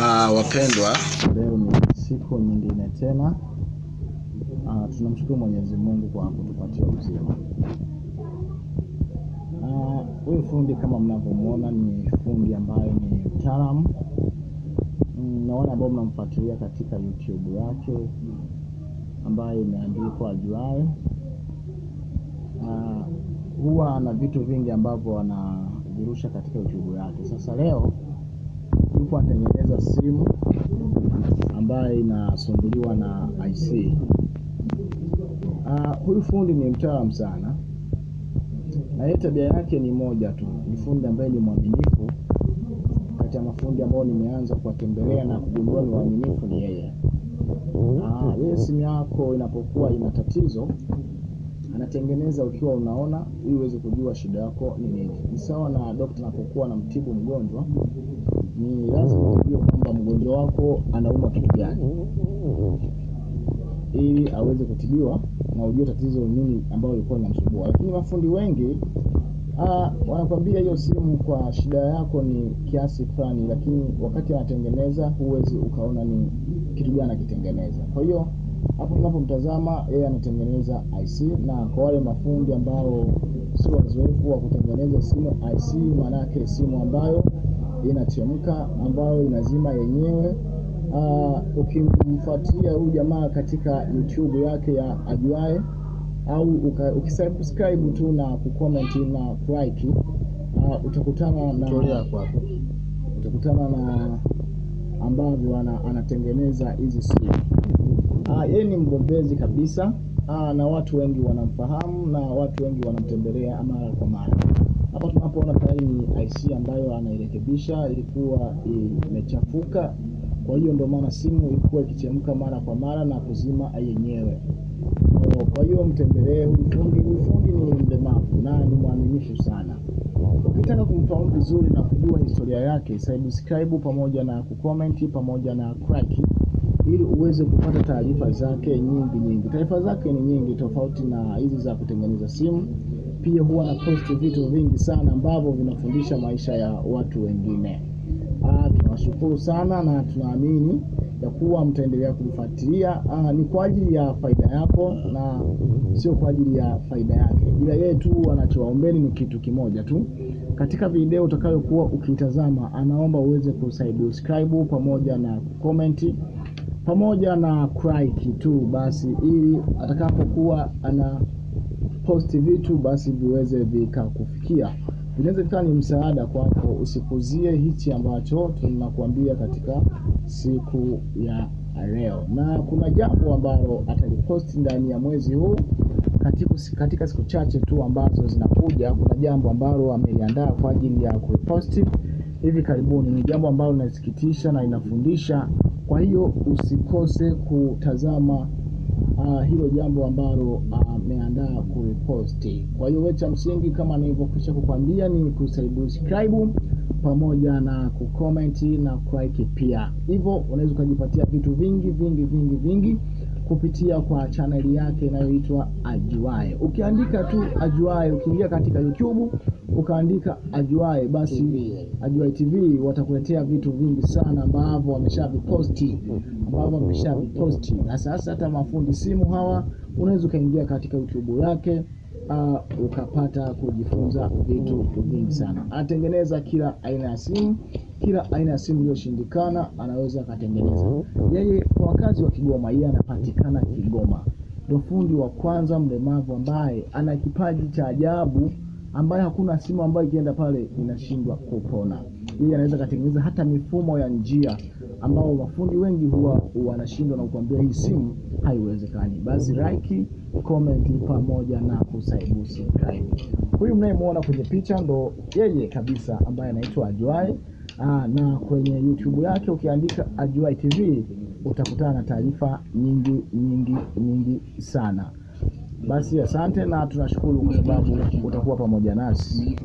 Uh, wapendwa, leo ni siku nyingine tena. Uh, tunamshukuru Mwenyezi Mungu kwa kutupatia uzima. Ah, huyu uh, fundi kama mnavyomwona ni fundi ambaye ni mtaalamu mm, na wale ambao mnamfuatilia katika YouTube yake ambayo imeandikwa Ajuaye uh, huwa ana vitu vingi ambavyo wanavirusha katika YouTube yake. Sasa leo yupo anatengeneza simu ambayo inasumbuliwa na IC. Uh, ah, huyu fundi ni mtaalamu sana, na yeye tabia yake ni moja tu, ni fundi ambaye ni mwaminifu. Kati ya mafundi ambao nimeanza kuwatembelea na kugundua ni mwaminifu ni yeye. Ah, yeye simu yako inapokuwa ina tatizo anatengeneza ukiwa unaona, ili uweze kujua shida yako ni nini. Ni sawa na daktari anapokuwa anamtibu mgonjwa, ni lazima ujue kwamba mgonjwa wako anauma kitu gani ili aweze kutibiwa na ujue tatizo nini ambayo ilikuwa inamsumbua. Lakini mafundi wengi ah, wanakwambia hiyo simu kwa shida yako ni kiasi fulani, lakini wakati anatengeneza huwezi ukaona ni kitu gani akitengeneza. Kwa hiyo hapo tunapomtazama yeye anatengeneza IC, na kwa wale mafundi ambao sio wazoefu wa kutengeneza simu IC, maanake simu ambayo inachemka ambayo inazima yenyewe. Ah, ukimfuatia huyu jamaa katika YouTube yake ya ajuae au ukisubscribe tu na kucomment na like uh, ah, utakutana na utakutana na ambavyo ana, anatengeneza hizi simu. Ah, yeye ni mgombezi kabisa. na watu wengi wanamfahamu na watu wengi wanamtembelea mara kwa mara. Hapa tunapoona tayari ni IC ambayo anairekebisha, ilikuwa imechafuka. Kwa hiyo ndio maana simu ilikuwa ikichemka mara kwa mara na kuzima yenyewe. Kwa hiyo mtembelee huyu fundi. Huyu fundi ni mlemavu na ni mwaminifu sana. Ukitaka kumfahamu vizuri na kujua historia yake, subscribe pamoja na kucomment pamoja na like ili uweze kupata taarifa zake nyingi nyingi. Taarifa zake ni nyingi, tofauti na hizi za kutengeneza simu pia huwa na posti vitu vingi sana ambavyo vinafundisha maisha ya watu wengine. Ah, tunashukuru sana na tunaamini ya kuwa mtaendelea Ah, Ni kwa ajili ya faida yako na sio kwa ajili ya faida yake, ila yeye tu anachowaombeni ni kitu kimoja tu katika video utakayokuwa ukitazama, anaomba uweze kusubscribe pamoja na comment pamoja na like tu basi, ili atakapokuwa ana usiposti vitu basi viweze vikakufikia, vinaweza vikawa ni msaada kwako. Usikuzie hichi ambacho tunakuambia katika siku ya leo, na kuna jambo ambalo ataliposti ndani ya mwezi huu katika siku chache tu ambazo zinakuja. Kuna jambo ambalo ameliandaa kwa ajili ya kuliposti hivi karibuni. Ni jambo ambalo linasikitisha na inafundisha kwa hiyo usikose kutazama uh, hilo jambo ambalo ah, ameandaa uh, kuliposti. Kwa hiyo wewe cha msingi kama nilivyokwisha kukwambia ni kusubscribe pamoja na kukomenti na kulike pia. Hivyo unaweza ukajipatia vitu vingi vingi vingi vingi kupitia kwa chaneli yake inayoitwa ajuae Ukiandika tu ajuae ukiingia katika YouTube ukaandika ajuae basi TV. TV watakuletea vitu vingi sana ambavyo wameshaviposti ambavyo mm-hmm. amesha posti, na sasa hata mafundi simu hawa unaweza ukaingia katika YouTube yake uh, ukapata kujifunza vitu vingi sana. Anatengeneza kila aina ya simu, kila aina ya simu iliyoshindikana anaweza akatengeneza mm-hmm. yeye. Kwa wakazi wa Kigoma, yeye anapatikana Kigoma, ndo fundi wa kwanza mlemavu ambaye ana kipaji cha ajabu ambaye hakuna simu ambayo ikienda pale inashindwa kupona yeye anaweza katengeneza hata mifumo ya njia ambao mafundi wengi huwa wanashindwa na kukuambia hii simu haiwezekani. Basi like, comment pamoja na kusubscribe. subscribe. Huyu mnayemwona kwenye picha ndo yeye kabisa ambaye anaitwa Ajuae. Aa, na kwenye YouTube yake ukiandika Ajuae TV utakutana na taarifa nyingi nyingi nyingi sana. Basi asante na tunashukuru kwa sababu utakuwa pamoja nasi.